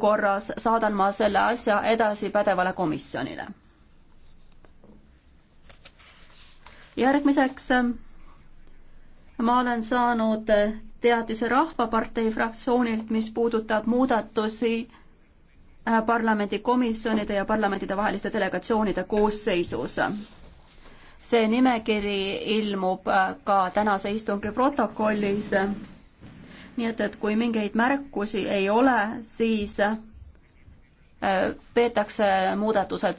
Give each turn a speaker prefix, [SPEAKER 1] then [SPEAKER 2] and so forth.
[SPEAKER 1] korras saadan ma selle asja edasi pädevale komisjonile. järgmiseks ma olen saanud teadise Rahvapartei fraktsioonilt, mis puudutab muudatusi äh, parlamendikomisjonide ja parlamentidevaheliste delegatsioonide koosseisus. see nimekiri ilmub äh, ka tänase istungi protokollis nii et, et kui mingeid märkusi ei ole, siis äh, peetakse muudatused